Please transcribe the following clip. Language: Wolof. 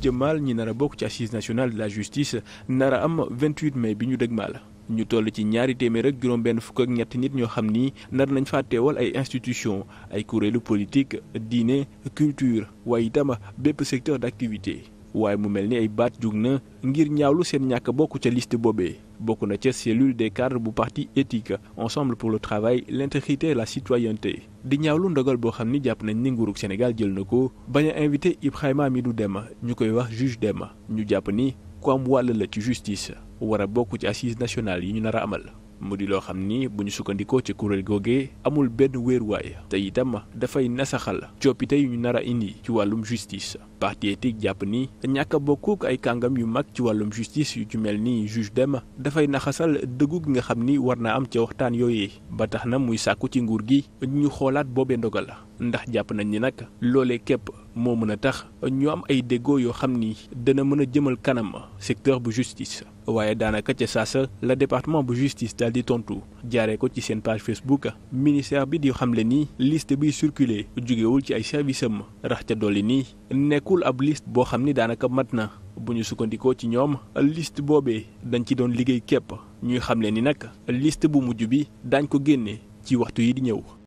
jëmmaal ñi nar a bokk ci assise nationale de la justice nar a am 28 mai bi ñu dëgmaal ñu toll ci ñaari téeméer ak juróom benn fukk ak ñetti nit ñoo xam ni nar nañ faa teewal ay institution ay kuréelu politique diine culture waaye itam bépp secteur d'activité waaye mu mel ni ay baat jug na ngir ñaawlu seen ñàkk bokk ca liste boobee bokk na ca cellule des cadres bu parti éthique ensemble pour le travail l'intégrité et la citoyenneté di ñaawlu ndogal boo xam ni jàpp nañ ni nguurug Sénégal jël na ko bañ a invité Ibrahima Hamidou Dème ñu koy wax juge Dème ñu jàpp ni ku am wàll la ci justice wara bokk ci assises nationales yi ñu nar a amal. mu di loo xam ni bu ñu sukkandikoo ci kuréel googee amul benn wéeruwaay te itam dafay nasaxal coppite yu ñu nar a indi ci wàllum justice parti éthique jàpp ni ñàkk a bokk ay kàngam yu mag ci wàllum justice yu ci mel ni juge Dème dafay naxasal dëggu gi nga xam ni war na am ca waxtaan yooyee ba tax na muy sàkku ci nguur gi ñu xoolaat boobee ndogal la ndax jàpp nañ ni nag loole képp moo mën a tax ñu am ay déggoo yoo xam ni dana mën a jëmal kanam secteur bu justice. waaye daanaka ca saasa la département bu justice daal di tontu jaare ko ci seen page Facebook ministère bi di xamle ni liste biy circulé jógewul ci ay service am rax ca dolli nii nekkul ab liste boo xam ni daanaka mat na bu ñu sukkandikoo ci ñoom liste boobee dañ ci doon liggéey képp ñuy xam xamle ni nag liste bu mujj bi daañ ko génne ci waxtu yi di ñëw.